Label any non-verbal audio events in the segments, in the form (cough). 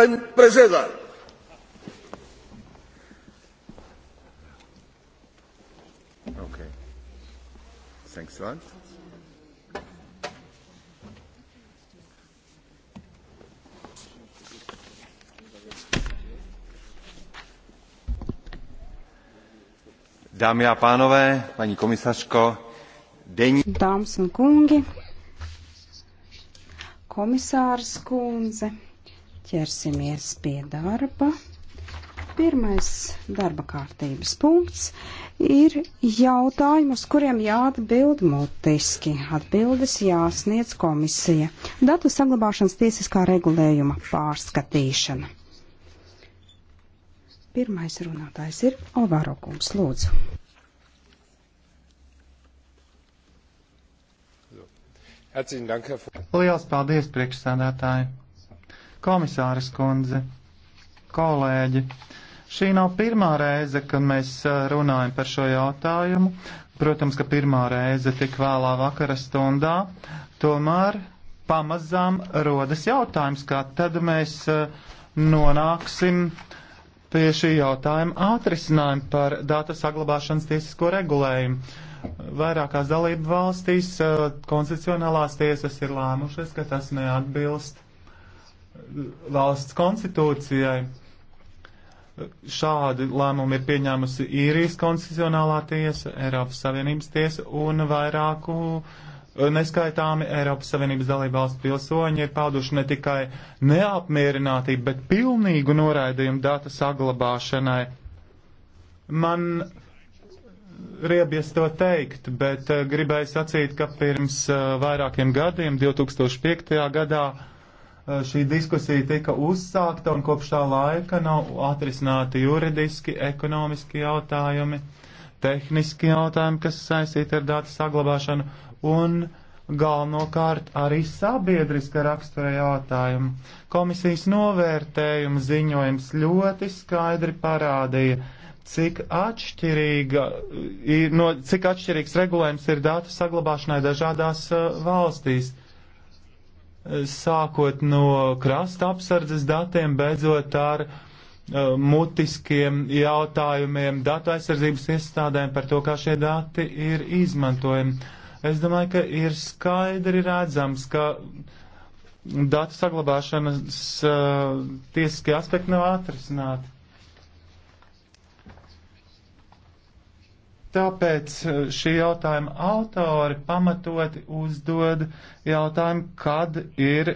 Pan prezydent. Okay. Thanks a lot. Dámy a pánové, paní komisařko, denní... Dámas un kungi, komisārs kundze ķersimies pie darba. Pirmais darba kārtības punkts ir jautājumi, uz kuriem jāatbild mutiski. Atbildes jāsniedz komisija. Datu saglabāšanas tiesiskā regulējuma pārskatīšana. Pirmais runātājs ir Alvaro Kungs, lūdzu. Lielas paldies, priekšsādātāji! Komisāras kundze, kolēģi, šī nav pirmā reize, kad mēs runājam par šo jautājumu. Protams, ka pirmā reize tik vēlā vakara stundā, tomēr pamazām rodas jautājums, kā tad mēs nonāksim pie šī jautājuma atrisinājuma par data saglabāšanas tiesisko regulējumu. Vairākās dalību valstīs konstitucionālās tiesas ir lēmušas, ka tas neatbilst valsts konstitūcijai. Šādi lēmumi ir pieņēmusi īrijas konstitucionālā tiesa, Eiropas Savienības tiesa un vairāku eh, neskaitāmi Eiropas Savienības dalībvalstu pilsoņi ir pauduši ne tikai neapmierinātību, bet pilnīgu noraidījumu data saglabāšanai. Man riebies to teikt, bet eh, gribēju sacīt, ka pirms eh, vairākiem gadiem, 2005. gadā, Eh, šī diskusija tika uzsākta un kopš tā laika nav atrisināti juridiski, ekonomiski jautājumi, tehniski jautājumi, kas saistīti ar datu saglabāšanu un galvenokārt arī sabiedriska rakstura jautājumu. Komisijas novērtējuma ziņojums ļoti skaidri parādīja, cik, ir, no, cik atšķirīgs regulējums ir datu saglabāšanai dažādās uh, valstīs. Uh, sākot no krasta apsardzes datiem, beidzot ar uh, mutiskiem jautājumiem datu aizsardzības iestādēm par to, kā šie dati ir izmantojami. Es domāju, ka ir skaidri redzams, ka datu saglabāšanas uh, tiesiskie aspekti nav atrisināti. Tāpēc e, šī jautājuma autori pamatoti uzdod jautājumu, kad ir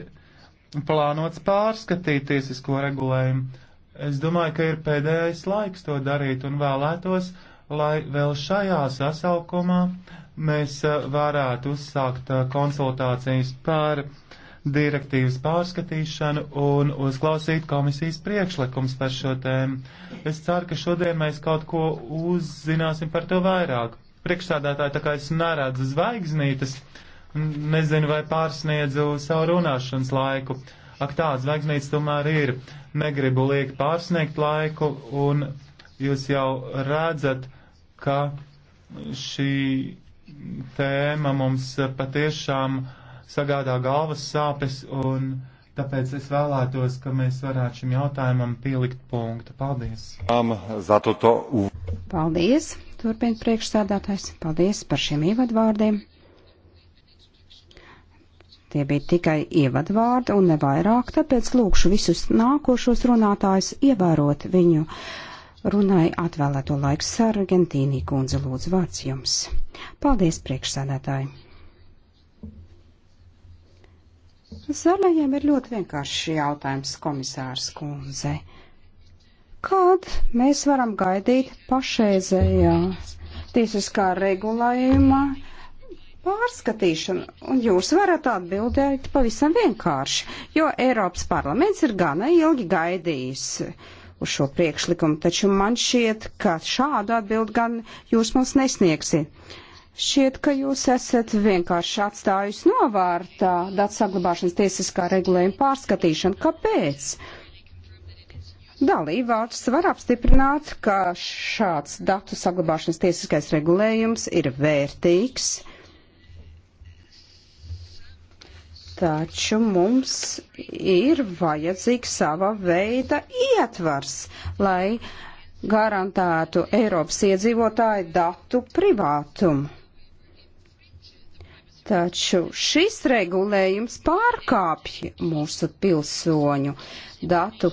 plānots pārskatīt tiesisko regulējumu. Es domāju, ka ir pēdējais laiks to darīt un vēlētos, lai vēl šajā sasaukumā mēs e, varētu uzsākt e, konsultācijas par direktīvas pārskatīšanu un uzklausīt komisijas priekšlikums par šo tēmu. Es ceru, ka šodien mēs kaut ko uzzināsim par to vairāk. Priekšsādātāji, tā kā es neredzu zvaigznītes, nezinu, vai pārsniedzu savu runāšanas laiku. Ak tā, zvaigznītes tomēr ir. Negribu liekt pārsniegt laiku un jūs jau redzat, ka šī tēma mums patiešām uh, sagādā galvas sāpes, un tāpēc es vēlētos, ka mēs varētu šim jautājumam pielikt punktu. Paldies! Paldies! Turpin priekšsādātājs. Paldies par šiem ievadvārdiem. Tie bija tikai ievadvārdi un nevairāk, tāpēc lūkšu visus nākošos runātājus ievērot viņu runai atvēlēto laiku sargentīnī kundze lūdzu vārds jums. Paldies priekšsēdētāji! Zaļajiem ir ļoti vienkārši jautājums, komisārs kundze. Kad mēs varam gaidīt pašreizējā tiesiskā regulējuma pārskatīšanu? Un jūs varat atbildēt pavisam vienkārši, jo Eiropas parlaments ir gana ilgi gaidījis uz šo priekšlikumu, taču man šķiet, ka šādu atbildi gan jūs mums nesniegsiet. Šķiet, ka jūs esat vienkārši atstājusi novārtā datu saglabāšanas tiesiskā regulējuma pārskatīšanu. Kāpēc? Dalībvalsts var apstiprināt, ka šāds datu saglabāšanas tiesiskais regulējums ir vērtīgs, taču mums ir vajadzīgs sava veida ietvars, lai garantētu Eiropas iedzīvotāju datu privātumu. Taču šis regulējums pārkāpj mūsu pilsoņu datu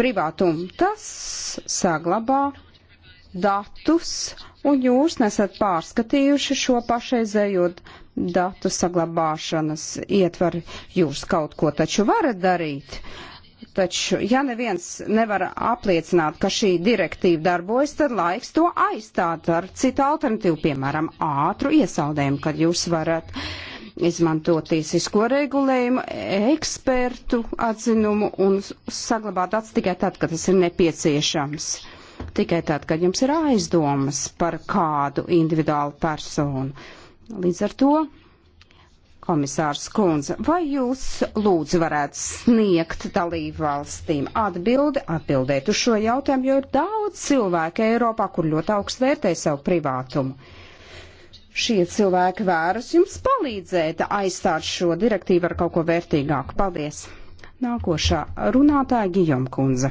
privātumu. Tas saglabā datus, un jūs nesat pārskatījuši šo pašreizējo datu saglabāšanas ietvari. Jūs kaut ko taču varat darīt. Uh, Taču, ja neviens nevar apliecināt, ka šī direktīva darbojas, tad laiks to aizstāt ar citu alternatīvu, piemēram, ātru iesaldējumu, kad jūs varat izmantot tiesisko regulējumu, ekspertu atzinumu un saglabāt acis tikai tad, kad tas ir nepieciešams. Tikai tad, kad jums ir aizdomas par kādu individuālu personu. Līdz ar to komisārs Kunze, vai jūs lūdzu varētu sniegt dalību valstīm atbildi, atbildēt uz šo jautājumu, jo ir daudz cilvēku Eiropā, kur ļoti augstu vērtē savu privātumu. Šie cilvēki vēras jums palīdzēt aizstāt šo direktīvu ar kaut ko vērtīgāku. Paldies! Nākošā runātāja Gijom Kunze.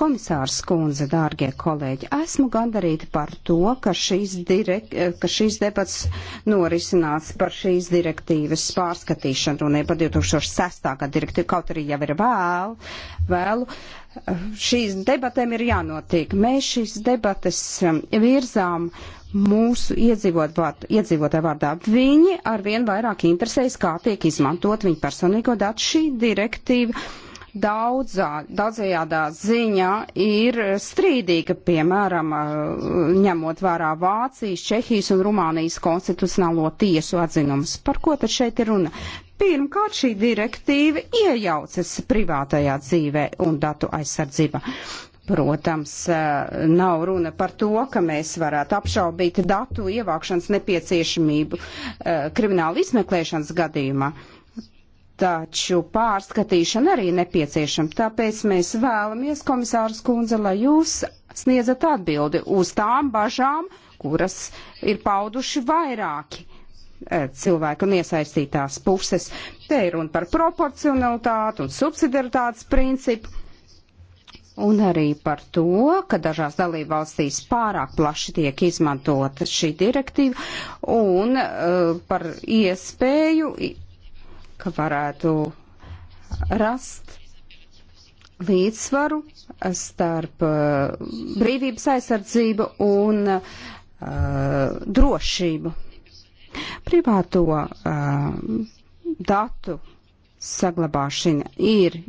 Komisārs kundze, dārgie kolēģi, esmu gandarīta par to, ka šīs, direk, ka šīs debats norisināts par šīs direktīvas pārskatīšanu un par 2006. gada direktīvu, kaut arī jau ir vēl, vēlu. Šīs debatēm ir jānotiek. Mēs šīs debates um, virzām mūsu iedzīvotāju vārdā. Viņi arvien vairāk interesējas, kā tiek izmantot viņu personīgo datu šī direktīva daudzā, daudzajādā ziņā ir strīdīga, piemēram, eh, ņemot vērā Vācijas, Čehijas un Rumānijas konstitucionālo tiesu atzinumus. Par ko tad šeit ir runa? Pirmkārt, šī direktīva iejaucas privātajā dzīvē un datu aizsardzībā. Protams, eh, nav runa par to, ka mēs varētu apšaubīt datu ievākšanas nepieciešamību eh, krimināla izmeklēšanas gadījumā taču pārskatīšana arī nepieciešama. Tāpēc mēs vēlamies, komisārs kundze, lai jūs sniedzat atbildi uz tām bažām, kuras ir pauduši vairāki eh, cilvēku un iesaistītās puses. Te ir runa par proporcionalitāti un subsidiaritātes principu. Un arī par to, ka dažās dalībvalstīs pārāk plaši tiek izmantota šī direktīva un uh, par iespēju ka varētu rast līdzsvaru starp uh, brīvības aizsardzību un uh, drošību. Privāto uh, datu saglabāšana ir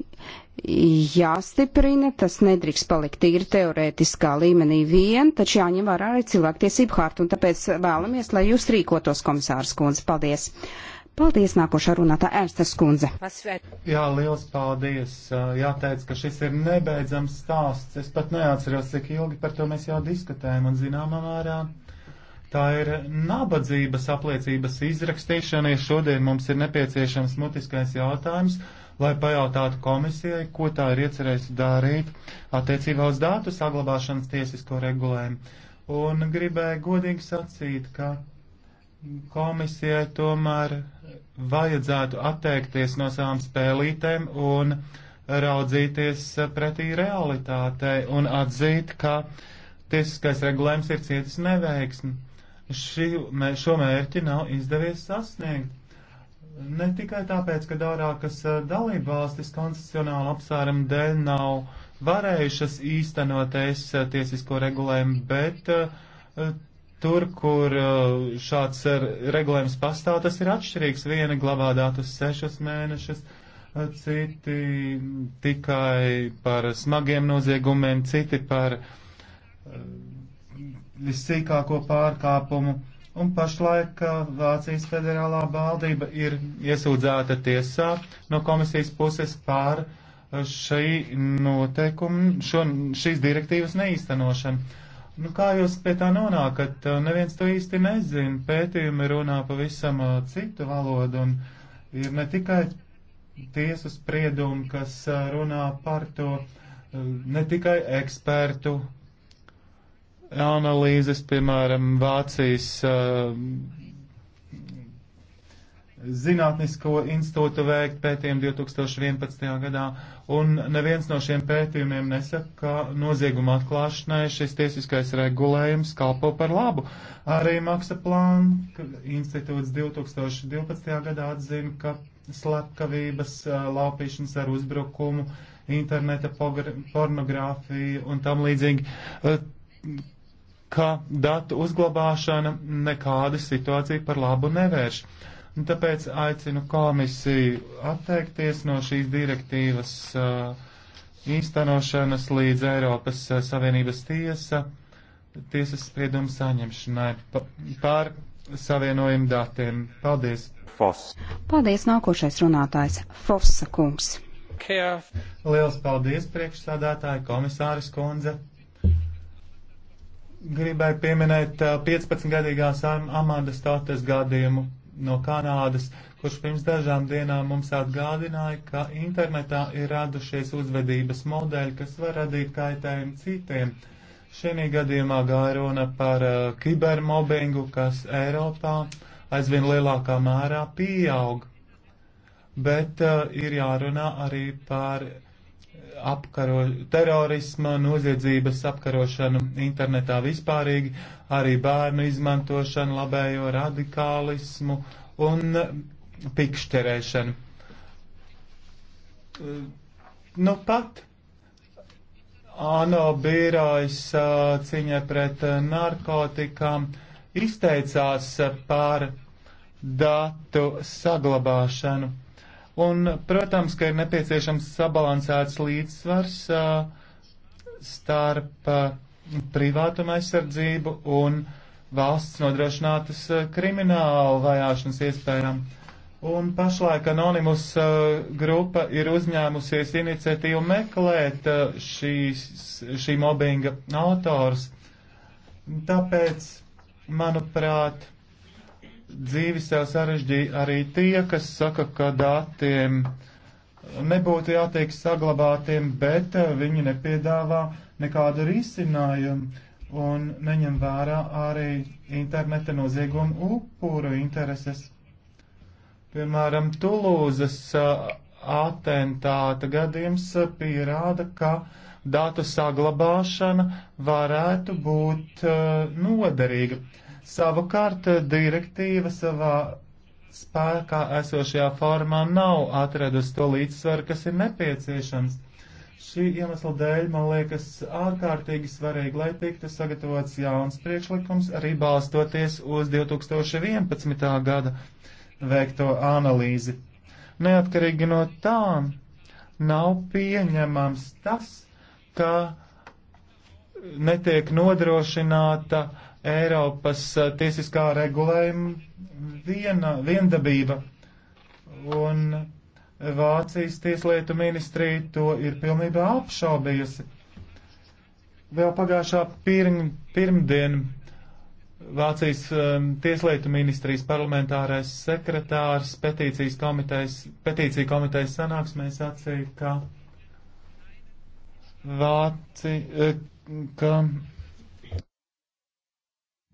jāstiprina, tas nedrīkst palikt tīri teorētiskā līmenī vien, taču jāņem vērā arī cilvēktiesību hārta, un tāpēc vēlamies, lai jūs rīkotos, komisārs Kunze. Paldies! Paldies, nākošā runātā Ērstas kundze. Jā, liels paldies. Jāteic, ka šis ir nebeidzams stāsts. Es pat neatceros, cik ilgi par to mēs jau diskutējam un zināmā mērā. Tā ir nabadzības apliecības izrakstīšana, ja šodien mums ir nepieciešams mutiskais jautājums, lai pajautātu komisijai, ko tā ir iecerējusi darīt attiecībā uz datu saglabāšanas tiesisko regulējumu. Un gribēju godīgi sacīt, ka komisijai tomēr vajadzētu atteikties no savām spēlītēm un raudzīties pretī realitātei un atzīt, ka tiesiskais regulējums ir cietis neveiksmi. Ši, mē, šo mērķi nav izdevies sasniegt. Ne tikai tāpēc, ka vairākas dalībvalstis konstitucionāla apsvēruma dēļ nav varējušas īstenot es tiesisko regulējumu, bet uh, Tur, kur uh, šāds uh, regulējums pastāv, tas ir atšķirīgs. Viena glabā datus sešus mēnešus, uh, citi tikai par smagiem noziegumiem, citi par vissīkāko pārkāpumu. Un pašlaik Vācijas federālā valdība ir iesūdzēta tiesā no komisijas puses par šī noteikuma, šo, šīs direktīvas neīstenošanu Nu, kā jūs pie tā nonākat? Neviens to īsti nezina. Pētījumi runā pavisam citu valodu un ir ne tikai tiesu spriedumi, kas runā par to, ne tikai ekspertu analīzes, piemēram, Vācijas Zinātnisko institūtu veikt pētījumu 2011. gadā, un neviens no šiem pētījumiem nesaka, ka nozieguma atklāšanai šis tiesiskais regulējums kalpo par labu. Arī Maksa Planka institūts 2012. gadā atzina, ka slepkavības, laupīšanas ar uzbrukumu, interneta pornogrāfija un tam līdzīgi ka datu uzglabāšana nekāda situācija par labu nevērš. Uh, Nu, tāpēc aicinu komisiju atteikties no šīs direktīvas uh, īstenošanas līdz Eiropas uh, Savienības tiesa tiesas spriedumu saņemšanai par savienojumu datiem. Paldies! Fos. Paldies, nākošais runātājs Fossa kungs. Care. Liels paldies, priekšsādātāji, komisāris kundze. Gribēju pieminēt 15-gadīgās uh, amanda status gadījumu no Kanādas, kurš pirms dažām dienām mums atgādināja, ka internetā ir radušies uzvedības modeļi, kas var radīt kaitējumu citiem. Šī gadījumā gāja runa par uh, kibermobbingu, kas Eiropā aizvien lielākā mērā pieaug. Bet uh, ir jārunā arī par apkaro, terorisma, noziedzības apkarošanu internetā vispārīgi, arī bērnu izmantošanu, labējo radikālismu un pikšķerēšanu. Nu pat ANO bīrājas ciņa pret narkotikām izteicās par datu saglabāšanu. Un, protams, ka ir nepieciešams sabalansēts līdzsvars starp privātuma aizsardzību un valsts nodrošinātas krimināla vajāšanas iespējām. Un pašlaik Anonymous uh, grupa ir uzņēmusies iniciatīvu meklēt uh, šīs, šī mobbinga autors. Tāpēc, manuprāt, Dzīvi sev sarežģīja arī tie, kas saka, ka datiem nebūtu jātiek saglabātiem, bet eh, viņi nepiedāvā nekādu risinājumu un neņem vērā arī interneta nozieguma upuru intereses. Piemēram, Tulūzas eh, atentāta gadījums eh, pierāda, ka datu saglabāšana varētu būt noderīga. Savukārt eh, direktīva savā spēkā esošajā formā nav atradusi to līdzsvaru, kas ir nepieciešams. Šī iemesla dēļ man liekas ārkārtīgi svarīgi, lai tiktu sagatavots jauns priekšlikums, arī balstoties uz 2011. gada veikto analīzi. Neatkarīgi no tā, nav pieņemams tas, ka netiek nodrošināta uh, Eiropas eh, tiesiskā regulējuma viena, viendabība. Un Vācijas tieslietu ministrija to ir pilnībā apšaubījusi. Vēl pagājušā pirm, pirmdien Vācijas um, tieslietu ministrijas parlamentārais sekretārs petīcijas komitejas, petīcija komitejas sanāksmē sacīja, ka Vācija, eh, ka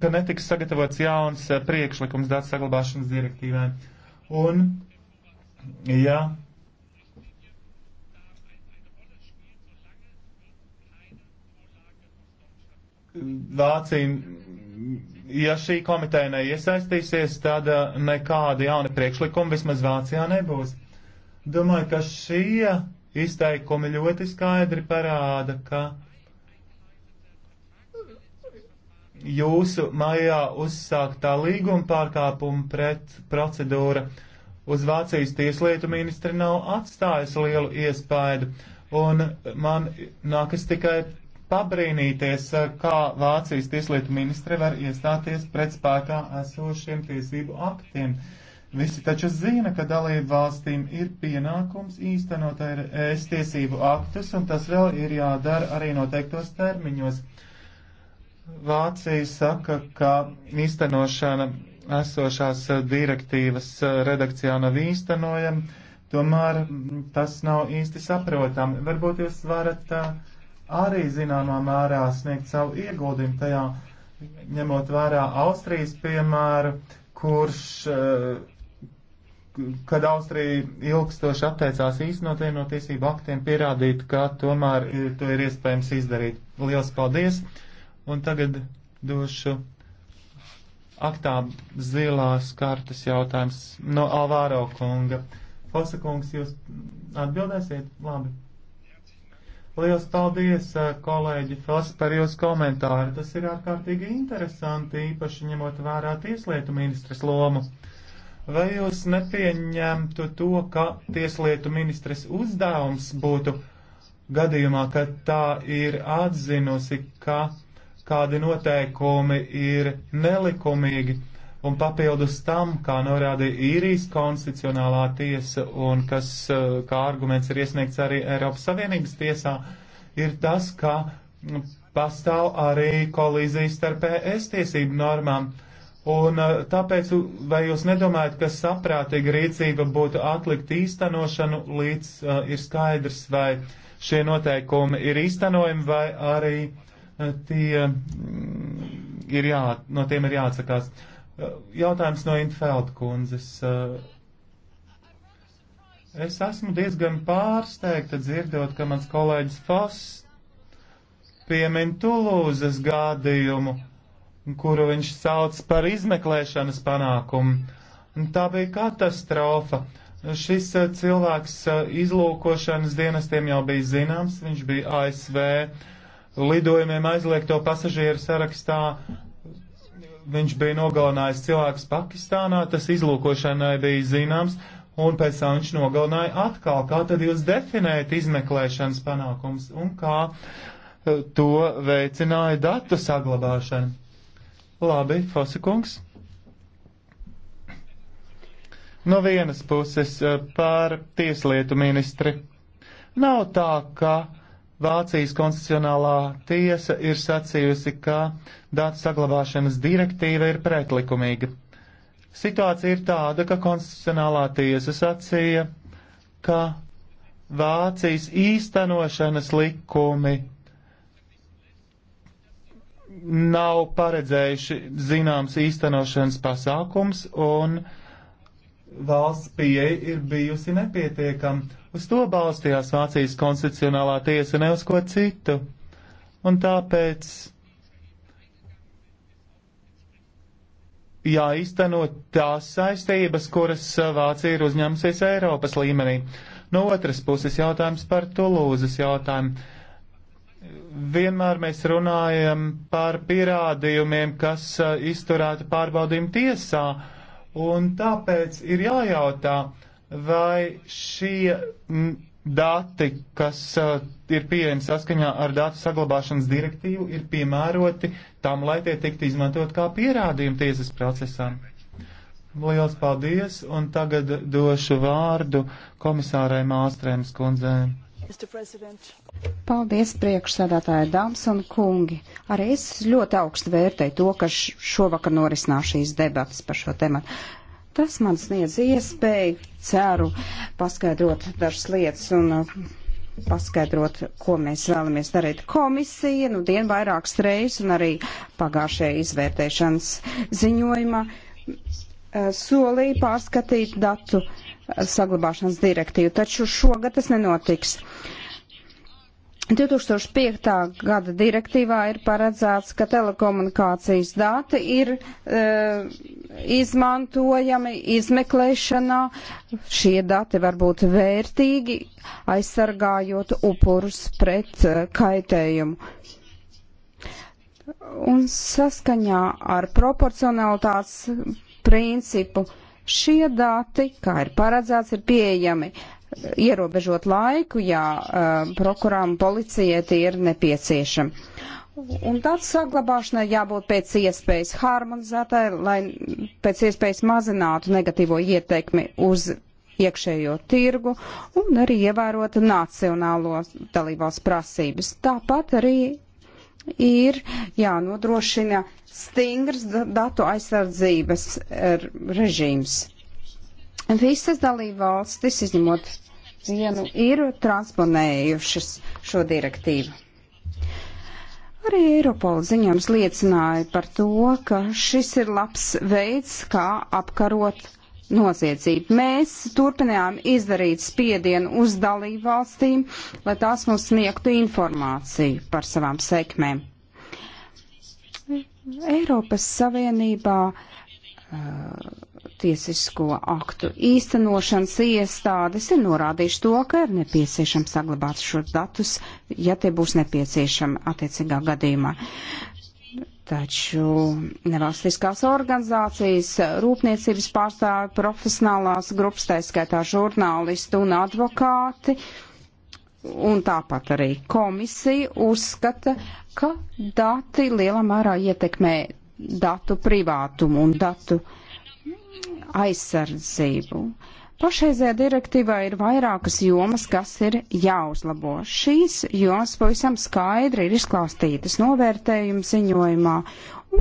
ka netiks sagatavots jauns eh, priekšlikums datu saglabāšanas direktīvai. Un, ja Vācija, ja šī komiteja neiesaistīsies, tad eh, nekāda jauna priekšlikuma vismaz Vācijā nebūs. Domāju, ka šie izteikumi ļoti skaidri parāda, ka uh, jūsu maijā uzsāktā līguma pārkāpuma pret procedūra uz Vācijas tieslietu ministri nav atstājusi lielu iespaidu, un man nākas tikai pabrīnīties, kā Vācijas tieslietu ministri var iestāties pret spēkā esošiem tiesību aktiem. Visi taču zina, ka dalību valstīm ir pienākums īstenot ES tiesību aktus, un tas vēl ir jādara arī noteiktos termiņos. Vācija saka, ka īstenošana esošās direktīvas redakcijā nav īstenojama, tomēr tas nav īsti saprotami. Varbūt jūs varat uh, arī zināmā mērā sniegt savu ieguldījumu tajā, ņemot vērā Austrijas piemēru, kurš, uh, kad Austrija ilgstoši atteicās īstenot vienotiesību aktiem, pierādīt, ka tomēr to ir iespējams izdarīt. Lielas paldies! Un tagad došu aktā zilās kartas jautājums no Alvāro kunga. Fosa kungs, jūs atbildēsiet? Labi. Liels paldies, eh, kolēģi Fosa, par jūsu komentāru. Tas ir ārkārtīgi interesanti, īpaši ņemot vērā tieslietu ministras lomu. Vai jūs nepieņemtu to, ka tieslietu ministres uzdevums būtu gadījumā, kad tā ir atzinusi, ka kādi noteikumi ir nelikumīgi, un papildus tam, kā norādīja īrijas konstitucionālā tiesa un kas eh, kā arguments ir iesniegts arī Eiropas Savienības tiesā, ir tas, ka mm, pastāv arī kolīzija starp ES tiesību normām. Un eh, tāpēc, vai jūs nedomājat, ka saprātīga rīcība būtu atlikt īstenošanu līdz uh, ir skaidrs, vai šie noteikumi ir īstenojami, vai arī uh, tie mm, ir jā, no tiem ir jāatsakās. Jautājums no Infeld kundzes. Eh, es esmu diezgan pārsteigta dzirdot, ka mans kolēģis Foss piemin Tulūzas gadījumu, kuru viņš sauc par izmeklēšanas panākumu. Tā bija katastrofa. Šis eh, cilvēks eh, izlūkošanas dienestiem jau bija zināms, viņš bija ASV lidojumiem aizliegto pasažieru sarakstā viņš bija nogalinājis cilvēkus Pakistānā, tas izlūkošanai bija zināms, un pēc tam viņš nogalināja atkal. Kā tad jūs definējat izmeklēšanas panākums un kā eh, to veicināja datu saglabāšana? Labi, Fosikungs. No vienas puses eh, par tieslietu ministri. Nav tā, ka Vācijas konstitucionālā tiesa ir sacījusi, ka datu saglabāšanas direktīva ir pretlikumīga. Situācija ir tāda, ka konstitucionālā tiesa sacīja, ka Vācijas īstenošanas likumi nav paredzējuši zināms īstenošanas pasākums un uh, valsts pieeja ir bijusi nepietiekama. Uz to balstījās Vācijas konstitucionālā tiesa, ne uz ko citu. Un tāpēc jāizteno tās saistības, kuras Vācija ir uzņēmusies Eiropas līmenī. No otras puses jautājums par Tulūzas jautājumu. Vienmēr mēs runājam par pierādījumiem, kas eh, izturēti pārbaudījumu tiesā. Uh, Un tāpēc ir jājautā, vai šie dati, kas uh, ir pieejami saskaņā ar datu saglabāšanas direktīvu, ir piemēroti tam, lai tie tiktu izmantot kā pierādījumi tiesas procesā. Lielas paldies, un tagad došu vārdu komisārai Māstrēmas kundzēm. Paldies, priekšsēdētāji, dāmas un kungi. Arī es ļoti augstu vērtēju to, ka šovakar norisinās šīs debatas par šo tematu. Tas man sniedz iespēju, ceru, paskaidrot dažas lietas un uh, paskaidrot, ko mēs vēlamies darīt. Komisija, nu, dien vairākas reizes un arī pagājušajā izvērtēšanas ziņojumā uh, solīja pārskatīt datu saglabāšanas direktīvu, taču šogad tas nenotiks. 2005. gada direktīvā ir paredzēts, ka telekomunikācijas dati ir e, izmantojami izmeklēšanā. Šie dati var būt vērtīgi, aizsargājot upurus pret e, kaitējumu. Un saskaņā ar proporcionalitātes principu Šie dati, kā ir paredzēts, ir pieejami eh, ierobežot laiku, ja uh, eh, prokurām policijai tie ir nepieciešami. Un tāds saglabāšanai jābūt pēc iespējas harmonizētai, lai pēc iespējas mazinātu negatīvo ietekmi uz iekšējo tirgu un arī ievērot nacionālo dalībās prasības. Tāpat arī ir jānodrošina stingrs datu aizsardzības eh, režīms. Visas dalībvalstis, izņemot vienu, ir transponējušas šo direktīvu. Arī Eiropola ziņojums liecināja par to, ka šis ir labs veids, kā apkarot noziedzību. Mēs turpinājām izdarīt spiedienu uz dalību valstīm, lai tās mums sniegtu informāciju par savām sekmēm. Eiropas Savienībā uh, tiesisko aktu īstenošanas iestādes ir norādījuši to, ka ir nepieciešams saglabāt šos datus, ja tie būs nepieciešami attiecīgā gadījumā. Taču nevalstiskās organizācijas, rūpniecības pārstāvi, profesionālās grupas, tā skaitā žurnālisti un advokāti, un tāpat arī komisija uzskata, ka dati lielā mērā ietekmē datu privātumu un datu aizsardzību. Uh, Pašreizējā direktīvā ir vairākas jomas, kas ir jāuzlabo. Šīs jomas pavisam skaidri ir izklāstītas novērtējuma ziņojumā,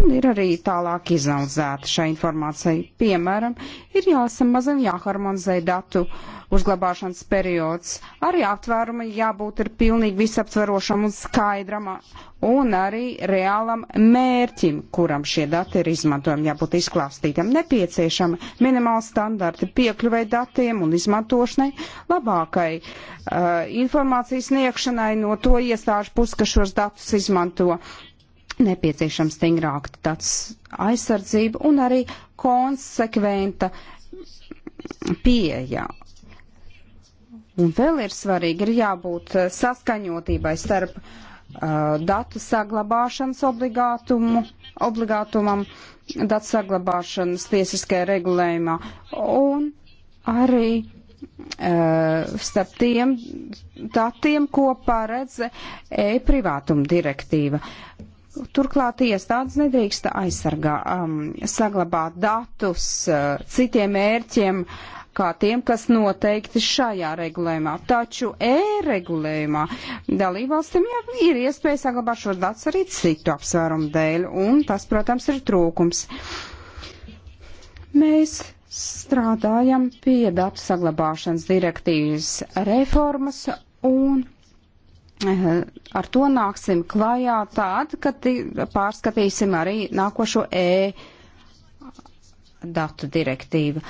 un ir arī tālāk izauzēta šai informācijai. Piemēram, ir jāsamazina, jāharmonizē datu uzglabāšanas periods, arī aptvērumi jābūt ir pilnīgi visaptverošam un skaidram, un arī reālam mērķim, kuram šie dati ir izmantojami, jābūt izklāstītam, nepieciešami minimāli standarti piekļuvai datiem un izmantošanai, labākai uh, informācijas sniegšanai no to iestāžu puses, kas šos datus izmanto nepieciešama stingrāka tāds aizsardzība un arī konsekventa pieeja. Un vēl ir svarīgi, ir jābūt saskaņotībai starp uh, datu saglabāšanas obligātumu, obligātumam, datu saglabāšanas tiesiskajā regulējumā un arī uh, starp tiem datiem, ko paredz e-privātuma direktīva. Uh, Turklāt iestādes nedrīkst aizsargā, um, saglabāt datus uh, citiem mērķiem, kā tiem, kas noteikti šajā regulējumā. Taču e-regulējumā dalībvalstīm jau ir iespēja saglabāt šos datus arī citu apsvērumu dēļ, un tas, protams, ir trūkums. Mēs strādājam pie datu saglabāšanas direktīvas reformas un Eh, ar to nāksim klajā tād, kad pārskatīsim arī nākošo E datu direktīvu.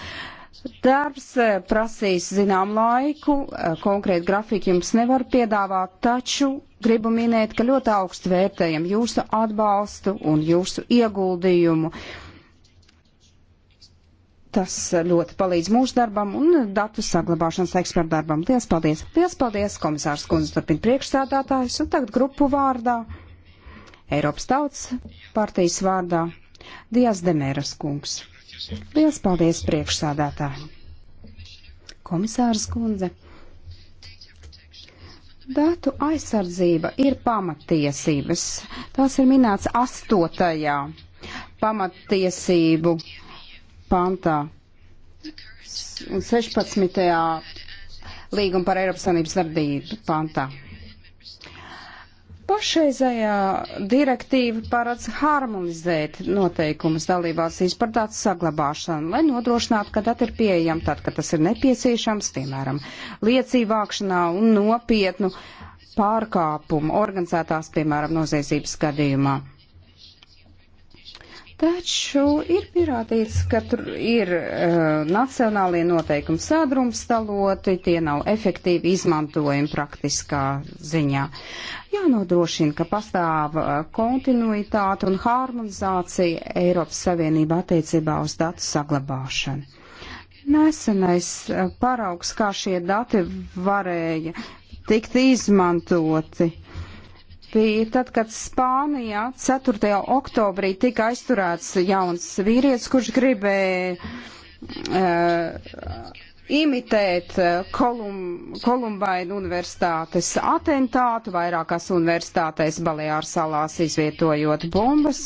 Darbs eh, prasīs zinām laiku, eh, konkrēti grafiku jums nevar piedāvāt, taču gribu minēt, ka ļoti augstu vērtējam jūsu atbalstu un jūsu ieguldījumu Tas ļoti palīdz mūsu darbam un datu saglabāšanas ekspertu darbam. Lielas paldies! Lielas paldies! Komisārs kundze turpina priekšstādātājus un tagad grupu vārdā, Eiropas tautas partijas vārdā, Dijas Demēras kungs. Lielas paldies priekšstādātājiem! Komisārs kundze. Datu aizsardzība ir pamatiesības. Tās ir minēts astotajā pamatiesību pantā un 16. līguma par Eiropas Savienības darbību pantā. Pašreizējā direktīva paredz harmonizēt noteikumus dalībvalstīs par datu saglabāšanu, lai nodrošinātu, ka dati ir pieejami tad, kad tas ir nepieciešams, piemēram, liecību vākšanā un nopietnu pārkāpumu organizētās, piemēram, noziedzības gadījumā. Taču ir pierādīts, ka tur ir uh, nacionālie noteikumi sadrumstaloti, tie nav efektīvi izmantojami praktiskā ziņā. Jānodrošina, ka pastāv eh, kontinuitāte un harmonizācija Eiropas Savienība attiecībā uz datu saglabāšanu. Nesenais eh, paraugs, kā šie dati varēja tikt izmantoti bija tad, kad Spānijā 4. oktobrī tika aizturēts jauns vīrietis, kurš gribēja uh, imitēt eh, Kolum, Kolumbaina universitātes atentātu, vairākās universitātēs Balejāru salās izvietojot bombas.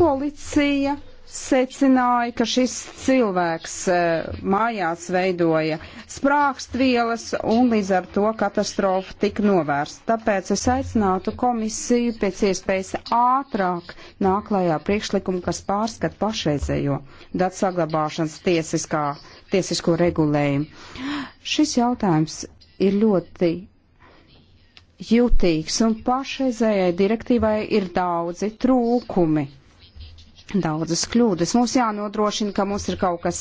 Policija secināja, ka šis cilvēks eh, mājās veidoja sprākstvielas un līdz ar to katastrofa tika novērsta. Tāpēc es aicinātu komisiju pēc iespējas ātrāk nāklājā priekšlikumu, kas pārskat pašreizējo datu saglabāšanas tiesiskā, tiesisko regulējumu. Šis jautājums ir ļoti jutīgs un pašreizējai direktīvai ir daudzi trūkumi daudzas kļūdas. Mums jānodrošina, ka mums ir kaut kas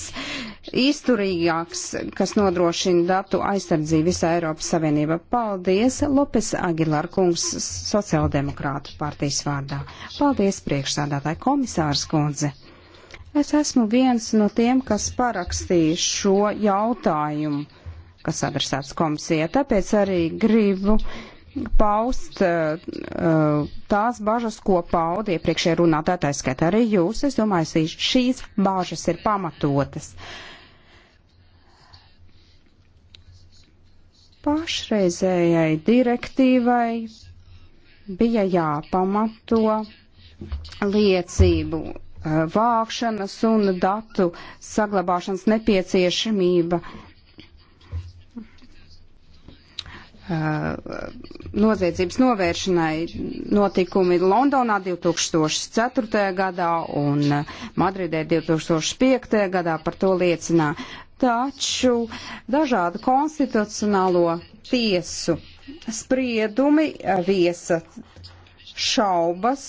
izturīgāks, kas nodrošina datu aizsardzību visā Eiropas Savienībā. Paldies, Lopes Agilar kungs, sociāldemokrātu partijas vārdā. Paldies, priekšsādātāji komisārs kundze. Es esmu viens no tiem, kas parakstīja šo jautājumu, kas adresēts komisijai, tāpēc arī gribu paust uh, tās bažas, ko pauda iepriekšējā runātā, tā skaitā arī jūs. Es domāju, šīs bažas ir pamatotas. Pašreizējai direktīvai bija jāpamato liecību eh, vākšanas un datu saglabāšanas nepieciešamība Uh, noziedzības novēršanai notikumi Londonā 2004. gadā un uh, Madridē 2005. gadā par to liecinā. Taču dažādu konstitucionālo tiesu spriedumi uh, viesa šaubas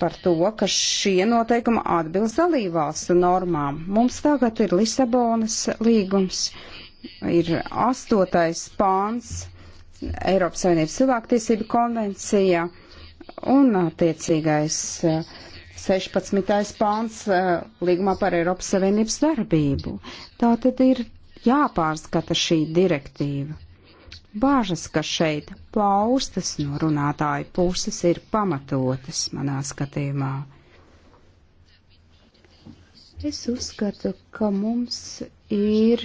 par to, ka šie noteikumi atbilst dalībvalstu normām. Mums tagad ir Lisabonas līgums ir astotais pāns Eiropas Savienības cilvēktiesību konvencijā un attiecīgais 16. Eh, pāns eh, līgumā par Eiropas Savienības darbību. Tā tad ir jāpārskata šī direktīva. Bāžas, ka šeit paustas no runātāju puses ir pamatotas manā skatījumā. Es uzskatu, ka mums ir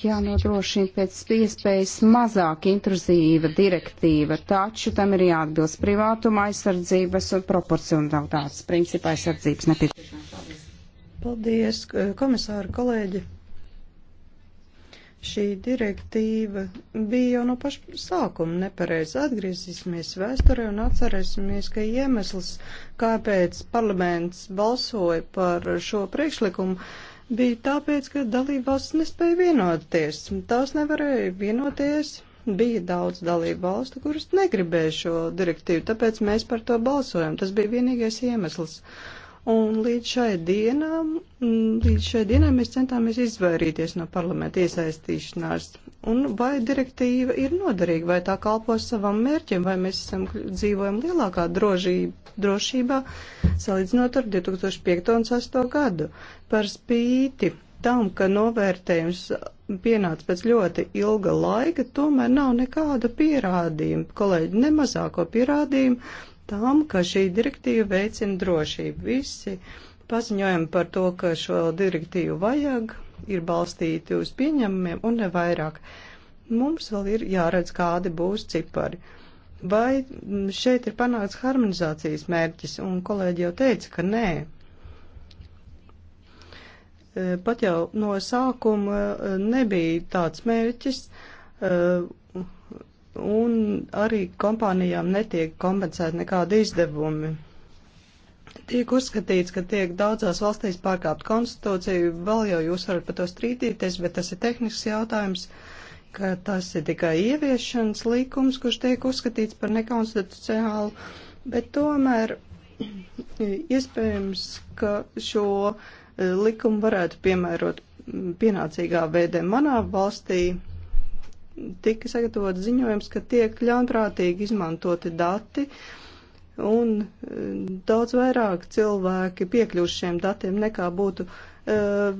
jānodrošina pēc iespējas mazāk intruzīva direktīva, taču tam ir jāatbilst privātuma aizsardzības un proporcionalitātes principa aizsardzības nepieciešamības. Paldies, komisāri, kolēģi! Šī direktīva bija jau no paša sākuma nepareizi. Atgriezīsimies vēsturē un atcerēsimies, ka iemesls, kāpēc parlaments balsoja par šo priekšlikumu, bija tāpēc, ka dalībvalsts nespēja vienoties. Tās nevarēja vienoties. Bija daudz dalību valstu, kuras negribēja šo direktīvu, tāpēc mēs par to balsojam. Tas bija vienīgais iemesls. Uh, Un līdz šai dienām, mm, līdz šai dienai mēs centāmies izvairīties no parlamenta iesaistīšanās. Un vai direktīva ir noderīga, vai tā kalpo savam mērķim, vai mēs esam dzīvojam lielākā drošība, drošībā, salīdzinot ar 2005 un 2008 gadu. Par spīti tam, ka novērtējums pienāca pēc ļoti ilga laika, tomēr nav nekāda pierādījuma, kolēģi, ne mazāko pierādījumu tam, ka šī direktīva veicina drošību. Visi paziņojumi par to, ka šo direktīvu vajag, ir balstīti uz pieņemumiem un nevairāk. Mums vēl ir jāredz, kādi būs cipari. Vai šeit ir panāks harmonizācijas mērķis, un kolēģi jau teica, ka nē. Pat jau no sākuma eh, nebija tāds mērķis, eh, un arī kompānijām netiek kompensēti nekādi izdevumi. Tiek uzskatīts, ka tiek daudzās valstīs pārkāpt konstitūciju, vēl jau jūs varat par to strīdīties, bet tas ir tehnisks jautājums, ka tas ir tikai ieviešanas likums, kurš tiek uzskatīts par nekonstitucionālu, bet tomēr (clears throat) iespējams, ka šo eh, likumu varētu piemērot mm, pienācīgā veidē manā valstī tika sagatavots ziņojums, ka tiek ļaunprātīgi izmantoti dati un eh, daudz vairāk cilvēki piekļūst šiem datiem nekā būtu uh,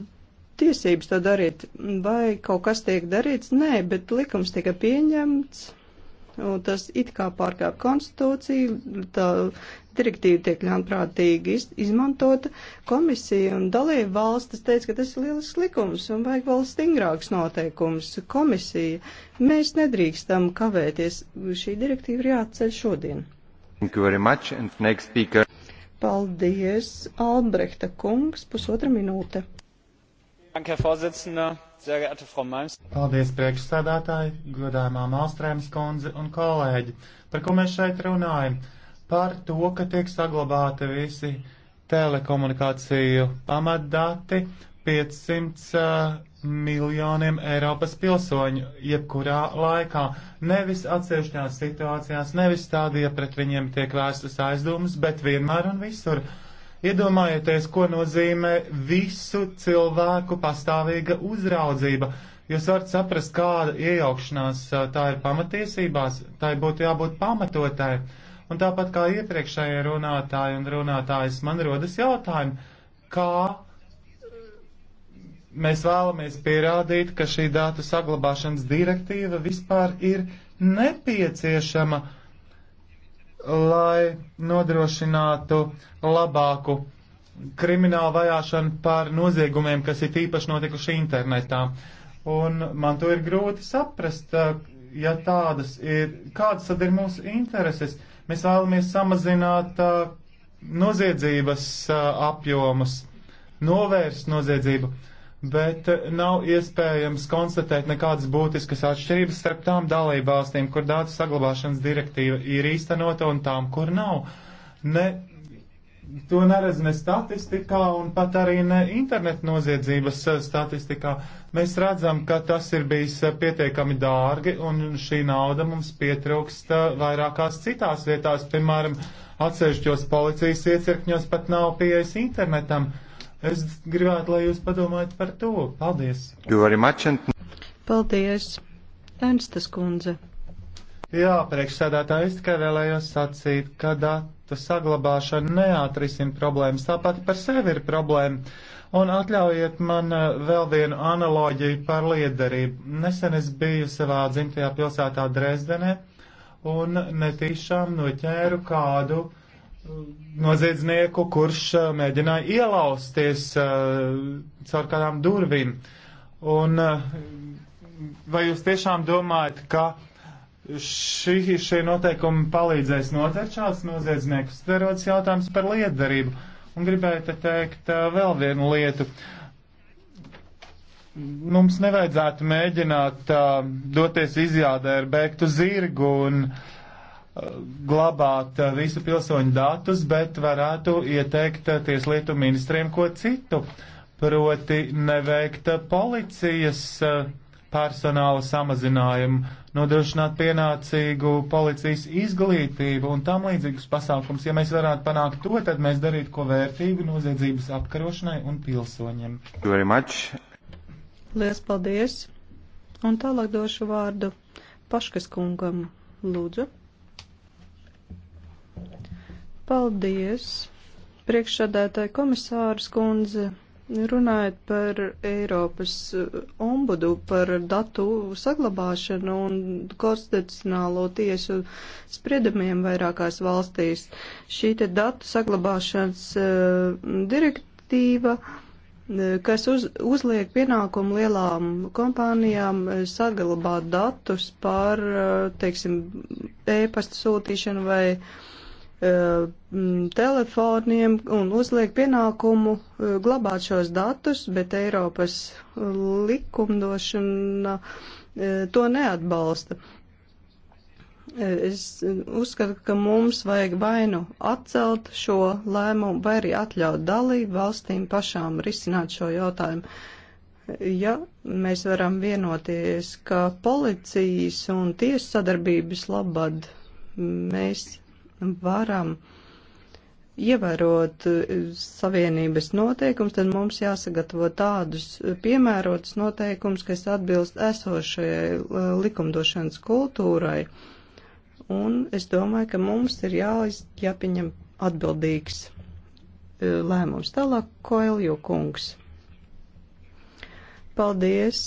tiesības to darīt. Vai kaut kas tiek darīts? Nē, bet likums tika pieņemts. Un tas it kā pārkāp konstitūciju, tā direktīva tiek ļaunprātīgi izmantota. Komisija un dalība valstis teica, ka tas ir lielisks likums un vajag vēl stingrāks noteikums. Komisija, mēs nedrīkstam kavēties. Šī direktīva ir jāatceļ šodien. Much, Paldies, Albrehta kungs, pusotra minūte. Paldies, priekšsēdētāji, godājumā Malstrēmas kundze un kolēģi, par ko mēs šeit runājam par to, ka tiek saglabāti visi telekomunikāciju pamatdati 500 uh, miljoniem Eiropas pilsoņu jebkurā laikā. Nevis atsevišķās situācijās, nevis tādie pret viņiem tiek vērstas aizdomas, bet vienmēr un visur. Iedomājieties, ko nozīmē visu cilvēku pastāvīga uzraudzība. Jūs varat saprast, kāda iejaukšanās uh, tā ir pamatiesībās, tai būtu jābūt pamatotai. Un tāpat kā iepriekšējie runātāji un runātājs, man rodas jautājumi, kā mēs vēlamies pierādīt, ka šī datu saglabāšanas direktīva vispār ir nepieciešama, lai nodrošinātu labāku kriminālu vajāšanu par noziegumiem, kas ir tīpaši notikuši internetā. Un man to ir grūti saprast, ja tādas ir, kādas tad ir mūsu intereses. Mēs vēlamies samazināt uh, noziedzības uh, apjomus, novērst noziedzību, bet uh, nav iespējams konstatēt nekādas būtiskas atšķirības starp tām dalībvalstīm, kur datu saglabāšanas direktīva ir īstenota un tām, kur nav. Ne to neredz ne statistikā un pat arī ne internetu noziedzības eh, statistikā. Mēs redzam, ka tas ir bijis eh, pietiekami dārgi un šī nauda mums pietrūkst eh, vairākās citās vietās, piemēram, atsevišķos policijas iecirkņos pat nav pieejas internetam. Es gribētu, lai jūs padomājat par to. Paldies! Paldies, Ernstas kundze! Jā, priekšsēdētāji, es tikai vēlējos sacīt, ka datu saglabāšana neatrisina problēmas. Tā pati par sevi ir problēma. Un atļaujiet man eh, vēl vienu analoģiju par liederību. Nesen es biju savā dzimtajā pilsētā Dresdenē un netīšām noķēru kādu eh, noziedznieku, kurš eh, mēģināja ielausties caur kādām durvīm. Un vai jūs tiešām domājat, ka Šī, šie noteikumi palīdzēs noteikt šādus noziedzniekus. Te rodas jautājums par lietdarību. Un gribēju te teikt vēl vienu lietu. Mums nevajadzētu mēģināt uh, doties izjādē ar beigtu zirgu un uh, glabāt visu pilsoņu datus, bet varētu ieteikt tieslietu ministriem ko citu, proti neveikt policijas personāla samazinājumu, nodrošināt pienācīgu policijas izglītību un tam līdzīgus pasākums. Ja mēs varētu panākt to, tad mēs darītu ko vērtīgu noziedzības apkarošanai un pilsoņiem. Lielas paldies! Un tālāk došu vārdu Paškas kungam. Lūdzu. Paldies! Priekšsādētāja komisārs kundze. Runājot par Eiropas uh, ombudu, par datu saglabāšanu un konstitucionālo tiesu spriedumiem vairākās valstīs, šī te datu saglabāšanas uh, direktīva, uh, kas uz, uzliek pienākumu lielām kompānijām saglabāt datus par, teiksim, e-pasta sūtīšanu vai uh, Uh, telefoniem un uzliek pienākumu uh, glabāt šos datus, bet Eiropas uh, likumdošana to neatbalsta. Es uzskatu, ka mums vajag vainu atcelt šo lēmumu vai arī atļaut dalību valstīm pašām risināt šo jautājumu ja mēs varam vienoties, ka policijas un tiesas sadarbības labad mēs varam ievērot e, savienības noteikums, tad mums jāsagatavo tādus piemērotus noteikums, kas atbilst esošajai e, likumdošanas kultūrai. Un es domāju, ka mums ir jāiz, jāpieņem atbildīgs e, lēmums. Tālāk, Koelju kungs. Paldies,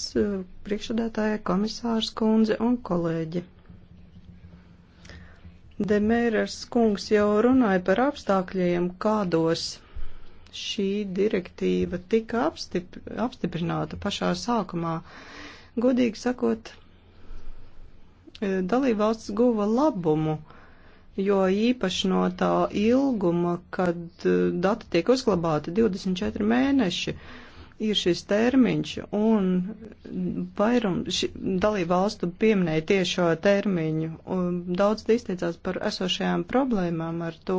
priekšsēdētāja komisārs kundze un kolēģi. Demēras kungs jau runāja par apstākļiem, kādos šī direktīva tika apstipr apstiprināta pašā sākumā. Godīgi sakot, e, dalībvalsts guva labumu, jo īpaši no tā ilguma, kad e, dati tiek uzglabāti 24 mēneši, uh, ir šis termiņš, un vairum dalību valstu pieminēja tiešo termiņu. Daudz izteicās par esošajām problēmām ar to,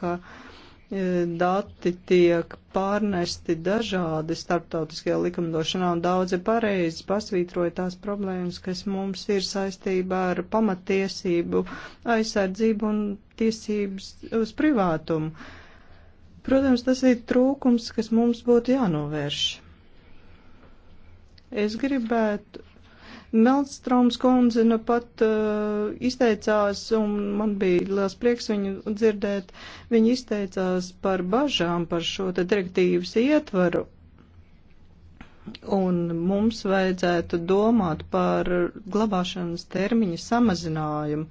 ka e, dati tiek pārnesti dažādi starptautiskajā likumdošanā, un daudzi pareizi pasvītroja tās problēmas, kas mums ir saistībā ar pamatiesību, aizsardzību un tiesības uz privātumu. Protams, tas ir trūkums, kas mums būtu jānovērš. Es gribētu. Melstroms kundze nu pat uh, izteicās, un man bija liels prieks viņu dzirdēt, viņa izteicās par bažām par šo te direktīvas ietvaru. Un mums vajadzētu domāt par glabāšanas termiņa samazinājumu.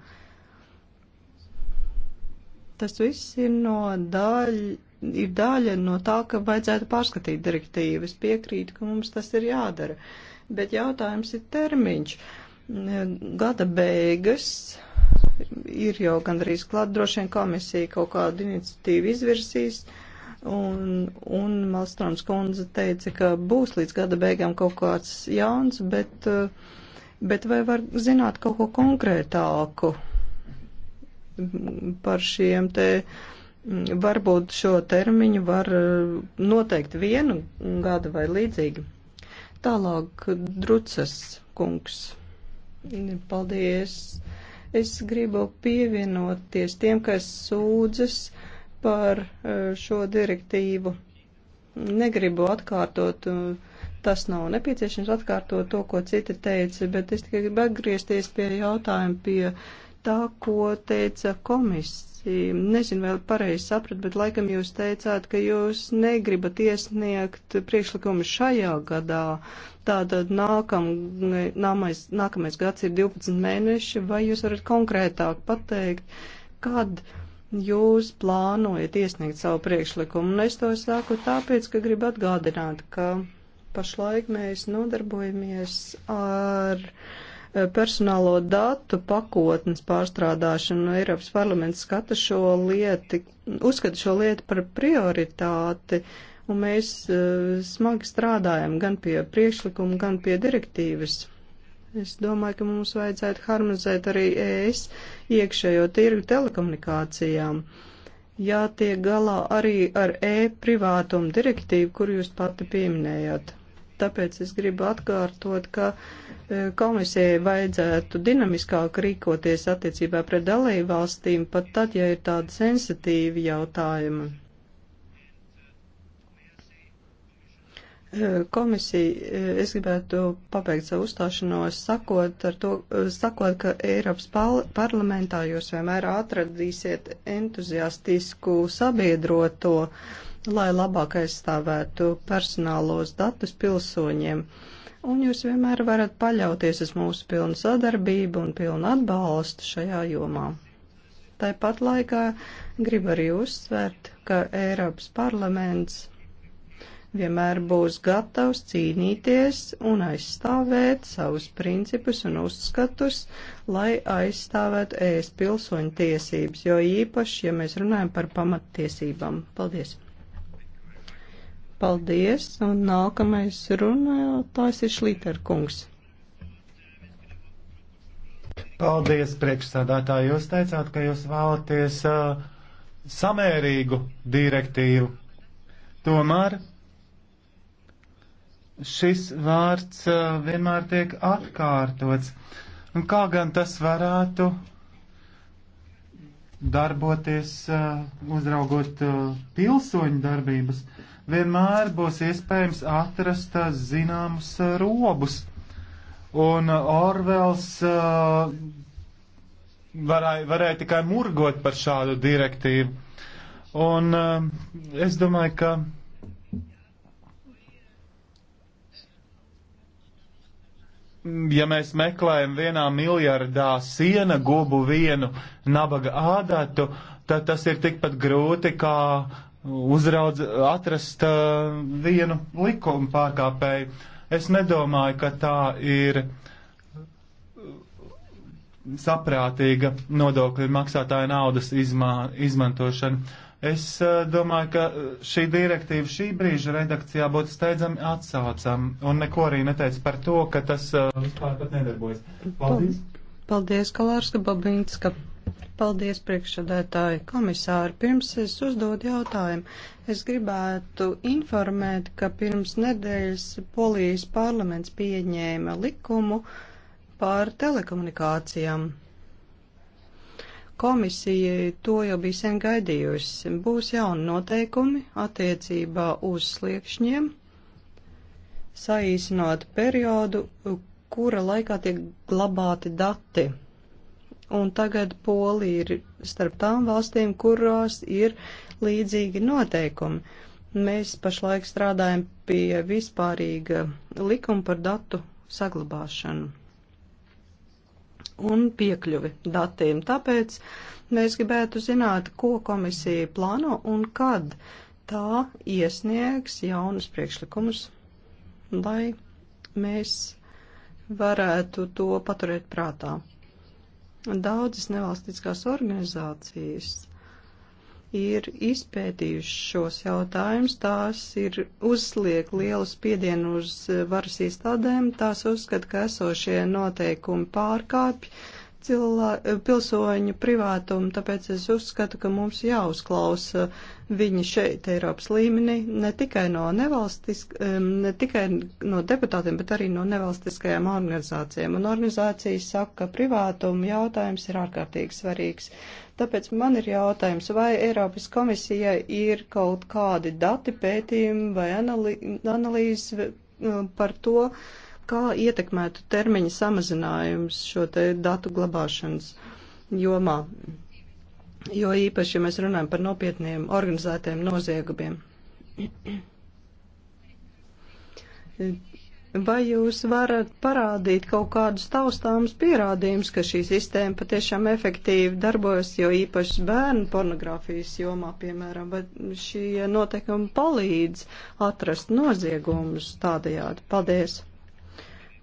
Tas viss ir no daļa ir daļa no tā, ka vajadzētu pārskatīt direktīvas. Piekrītu, ka mums tas ir jādara. Bet jautājums ir termiņš. Gada beigas ir jau gandrīz klāt, droši vien komisija kaut kādu iniciatīvu izvirsīs. Un, un Malstrāns kundze teica, ka būs līdz gada beigām kaut kāds jauns, bet, bet vai var zināt kaut ko konkrētāku par šiem te uh, Mm, varbūt šo termiņu var eh, noteikt vienu gadu vai līdzīgi. Tālāk Drucas kungs. Paldies. Es gribu pievienoties tiem, kas sūdzas par eh, šo direktīvu. Negribu atkārtot, eh, tas nav nepieciešams atkārtot to, ko citi teica, bet es tikai gribu atgriezties pie jautājuma pie tā, ko teica komisija īsi nezinu, vai pareizi sapratu, bet laikam jūs teicāt, ka jūs negribat iesniegt priekšlikumu šajā gadā. Tātad nākam, nāmais, nākamais gads ir 12 mēneši, vai jūs varat konkrētāk pateikt, kad jūs plānojat iesniegt savu priekšlikumu? Un es to saku tāpēc, ka gribu atgādināt, ka pašlaik mēs nodarbojamies ar personālo datu pakotnes pārstrādāšanu. Eiropas parlaments skata šo lieti, uzskata šo lietu par prioritāti, un mēs uh, smagi strādājam gan pie priekšlikuma, gan pie direktīvas. Es domāju, ka mums vajadzētu harmonizēt arī ES iekšējo tirgu telekomunikācijām. Jātiek galā arī ar e-privātumu direktīvu, kur jūs pati pieminējāt. Tāpēc es gribu atkārtot, ka uh, komisijai vajadzētu dinamiskāk rīkoties attiecībā pret dalību valstīm, pat tad, ja ir tādi sensitīvi jautājumi. Komisija, es gribētu pabeigt savu uzstāšanos, sakot, to, sakot ka Eiropas parlamentā jūs vienmēr atradīsiet entuziastisku sabiedroto, lai labāk aizstāvētu personālos datus pilsoņiem. Uh, un jūs vienmēr varat paļauties uz mūsu pilnu sadarbību un pilnu atbalstu šajā jomā. Tāpat laikā gribu arī uzsvērt, ka Eiropas parlaments vienmēr būs gatavs cīnīties un aizstāvēt savus principus un uzskatus, lai aizstāvētu ēst pilsoņu tiesības, jo īpaši, ja mēs runājam par pamattiesībām. Paldies! Paldies, un nākamais runātājs ir Šlīterkungs. Paldies, priekšsādātāji. Jūs teicāt, ka jūs vēlaties uh, samērīgu direktīvu. Tomēr šis vārds uh, vienmēr tiek atkārtots. Un kā gan tas varētu darboties, uh, uzraugot uh, pilsoņu darbības? Uh, vienmēr būs iespējams atrast eh, zināmus eh, robus. Un eh, Orvels varēja, varēja tikai murgot par šādu direktīvu. Un es domāju, ka ja mēs meklējam vienā miljardā siena gubu vienu nabaga ādatu, tad tas ir tikpat grūti kā uzraudz, atrast uh, vienu likumu pārkāpēju. Es nedomāju, ka tā ir saprātīga nodokļu maksātāja naudas izmā, izmantošana. Es uh, domāju, ka šī direktīva šī brīža redakcijā būtu steidzami atsaucam, un neko arī neteica par to, ka tas vispār uh, pat nedarbojas. Paldies! Paldies, Kalārska Babinska! Paldies, priekšsēdētāji komisāri. Pirms es uzdodu jautājumu, es gribētu informēt, ka pirms nedēļas Polijas parlaments pieņēma likumu par telekomunikācijām. Komisija to jau bija sen gaidījusi. Būs jauni noteikumi attiecībā uz sliekšņiem, saīsinot periodu, kura laikā tiek glabāti dati Un tagad Polija ir starp tām valstīm, kurās ir līdzīgi noteikumi. Mēs pašlaik strādājam pie vispārīga likuma par datu saglabāšanu un piekļuvi datiem. Tāpēc mēs gribētu zināt, ko komisija plāno un kad tā iesniegs jaunus priekšlikumus, lai mēs varētu to paturēt prātā. Daudzas nevalstiskās organizācijas ir izpētījušas šos jautājumus, tās ir uzliek lielu spiedienu uz varas iestādēm, tās uzskata, ka esošie noteikumi pārkāpj cilvē, pilsoņu privātumu, tāpēc es uzskatu, ka mums jāuzklausa viņi šeit Eiropas līmenī, ne tikai no nevalstisk, ne tikai no deputātiem, bet arī no nevalstiskajām organizācijām. Un organizācijas saka, ka privātumu jautājums ir ārkārtīgi svarīgs. Tāpēc man ir jautājums, vai Eiropas komisijai ir kaut kādi dati pētījumi vai analī, analīzes eh, par to, uh, kā ietekmētu termiņa samazinājums šo te datu glabāšanas jomā, jo īpaši, ja mēs runājam par nopietniem organizētiem noziegumiem. Vai jūs varat parādīt kaut kādus taustāmus pierādījumus, ka šī sistēma patiešām efektīvi darbojas, jo īpaši bērnu pornogrāfijas jomā, piemēram, vai šie noteikumi palīdz atrast noziegumus tādajādi? Paldies!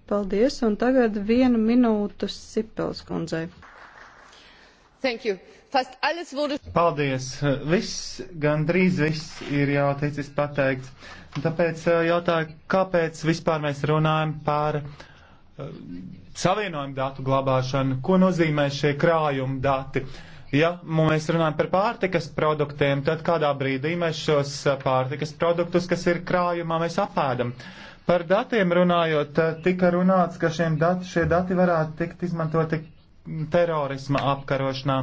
Paldies, un tagad viena minūte Sipels kundzei. Wurde... Paldies! Viss, gandrīz viss ir jau teicis pateikts. Tāpēc eh, jautāju, kāpēc vispār mēs runājam par eh, savienojumu datu glabāšanu? Ko nozīmē šie krājuma dati? Ja mēs runājam par pārtikas produktiem, tad kādā brīdī mēs šos eh, pārtikas produktus, kas ir krājumā, mēs apēdam. Uh, Par datiem runājot, tika runāts, ka dati, šie dati varētu tikt izmantoti terorisma apkarošanā,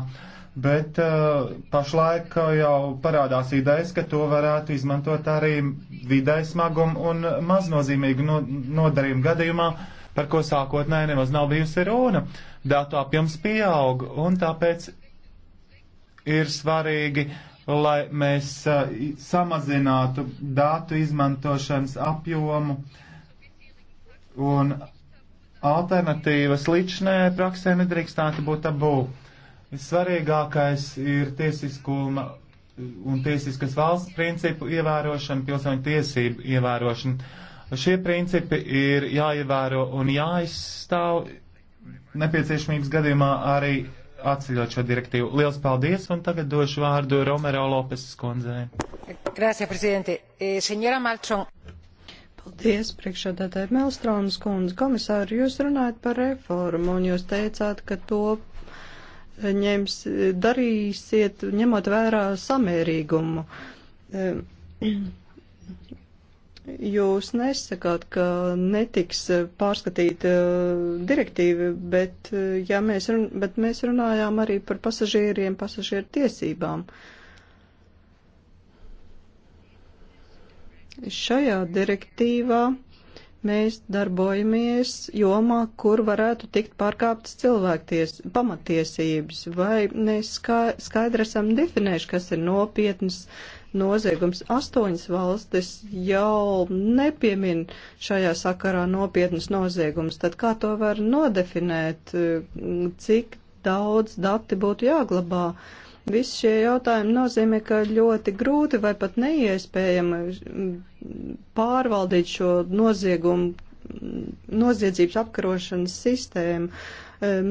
bet uh, pašlaik jau parādās idejas, ka to varētu izmantot arī vidai smagumu un maznozīmīgu no, nodarījumu gadījumā, par ko sākotnēji nemaz nav bijusi runa. Datu apjoms pieaug un tāpēc ir svarīgi uh, lai mēs uh, samazinātu datu izmantošanas apjomu un alternatīvas līdšanai praksē nedrīkstētu būt tabū. Svarīgākais ir tiesiskuma un tiesiskas valsts principu ievērošana, pilsoņu tiesību ievērošana. Šie principi ir jāievēro un jāizstāv nepieciešamības gadījumā arī atceļot šo direktīvu. Liels paldies, un tagad došu vārdu Romero Lopes skundzē. Grāsie, prezidenti. E, Senjora Malčon. Paldies, priekšādātāji Melstrāmas kundze. Komisāri, jūs runājat par reformu, un jūs teicāt, ka to ņems, darīsiet, ņemot vērā samērīgumu. Ehm, Jūs nesakāt, ka netiks eh, pārskatīta eh, direktīva, bet, eh, ja mēs, run, bet mēs runājām arī par pasažieriem, pasažieru tiesībām. Šajā direktīvā mēs darbojamies jomā, kur varētu tikt pārkāptas cilvēkties, pamatiesības, vai mēs skaidri esam definējuši, kas ir nopietnas uh, noziegums. Astoņas valstis jau nepiemin šajā sakarā nopietnas noziegums. Tad kā to var nodefinēt, cik daudz dati būtu jāglabā? Visi šie jautājumi nozīmē, ka ļoti grūti vai pat neiespējami pārvaldīt šo noziegumu, noziedzības apkarošanas sistēmu. Uh,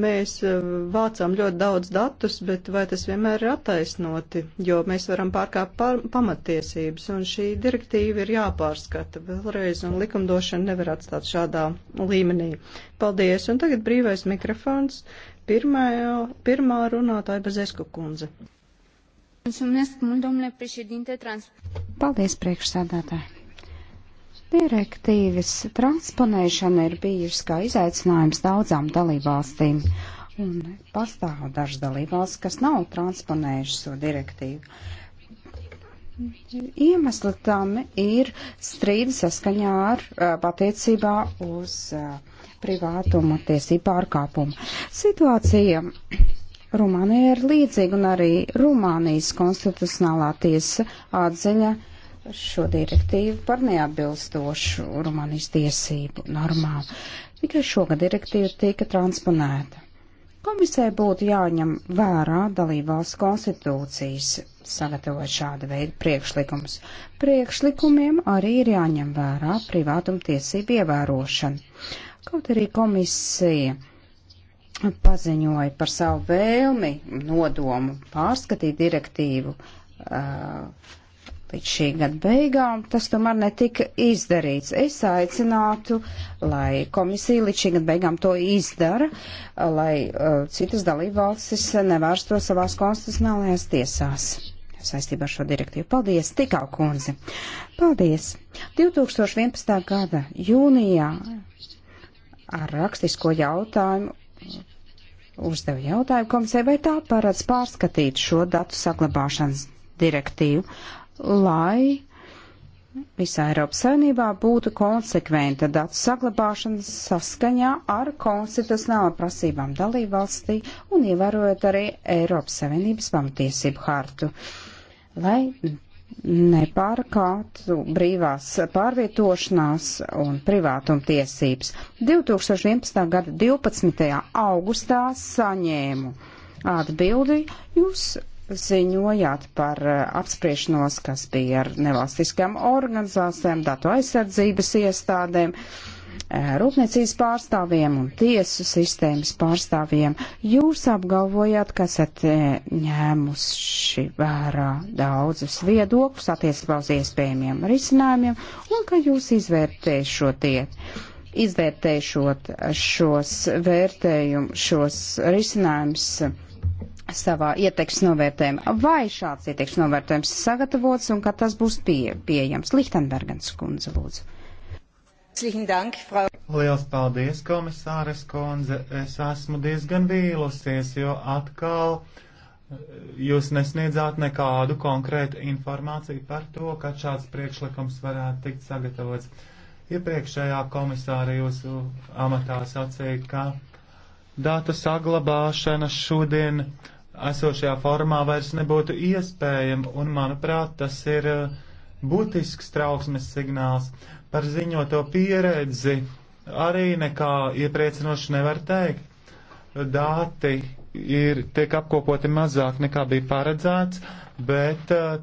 Mēs eh, vācām ļoti daudz datus, bet vai tas vienmēr ir attaisnoti, jo mēs varam pārkāpt pamatiesības, un šī direktīva ir jāpārskata vēlreiz, un likumdošana nevar atstāt šādā līmenī. Paldies, un tagad brīvais mikrofons. Pirmā, pirmā runātāja Bezesku kundze. Paldies, priekšsādātāji! Direktīvas transponēšana ir bijusi kā izaicinājums daudzām dalībvalstīm. Un pastāv dažas dalībvalstis, kas nav transponējušas šo direktīvu. Iemesli tam ir strīdi saskaņā ar patiecībā uz privātuma tiesību pārkāpumu. Situācija Rumānija ir līdzīga un arī Rumānijas konstitucionālā tiesa atziņa šo direktīvu par neatbilstošu Rumānijas tiesību normām. Tikai šogad direktīva tika transponēta. Komisijai būtu jāņem vērā dalībvalsts konstitūcijas, sagatavot šādu veidu priekšlikumus. Priekšlikumiem arī ir jāņem vērā privātumtiesību ievērošana. Kaut arī komisija paziņoja par savu vēlmi, nodomu pārskatīt direktīvu, uh, līdz šī gada beigām. Tas tomēr netika izdarīts. Es aicinātu, lai komisija līdz šī gada beigām to izdara, lai uh, citas dalībvalstis nevērsto savās konstitucionālajās tiesās saistībā ar šo direktīvu. Paldies, tikau kundze. Paldies. 2011. gada jūnijā ar rakstisko jautājumu uzdevu jautājumu komisē, vai tā paredz pārskatīt šo datu saglabāšanas direktīvu lai visā Eiropas Savienībā būtu konsekventa datu saglabāšana saskaņā ar konstitucionālām prasībām dalībvalstī un ievērojot arī Eiropas Savienības pamatiesību hartu, lai nepārkāptu brīvās pārvietošanās un privātumtiesības. 2011. gada 12. augustā saņēmu atbildi, jūs ziņojāt par eh, apspriešanos, kas bija ar nevalstiskām organizācijām, datu aizsardzības iestādēm, eh, rūpniecības pārstāvjiem un tiesu sistēmas pārstāvjiem. Jūs apgalvojāt, ka esat eh, ņēmuši vērā daudzus viedokļus attiecībā uz iespējamiem risinājumiem un ka jūs izvērtēšotiet izvērtēšot šos vērtējumus, šos risinājumus savā ieteiks novērtējumā. Vai šāds ieteiks novērtējums sagatavots un kad tas būs pie, pieejams? Lichtenbergens kundze, lūdzu. Liels paldies, komisāres kundze. Es esmu diezgan vīlusies, jo atkal eh, jūs nesniedzāt nekādu konkrētu informāciju par to, ka šāds priekšlikums varētu tikt sagatavots. Iepriekšējā komisāra jūsu amatā sacīja, ka datu saglabāšana šodien esošajā formā vairs nebūtu iespējama, un, manuprāt, tas ir eh, būtisks trauksmes signāls. Par ziņoto pieredzi arī nekā iepriecinoši nevar teikt. Dāti ir, tiek apkopoti mazāk nekā bija paredzēts, bet uh,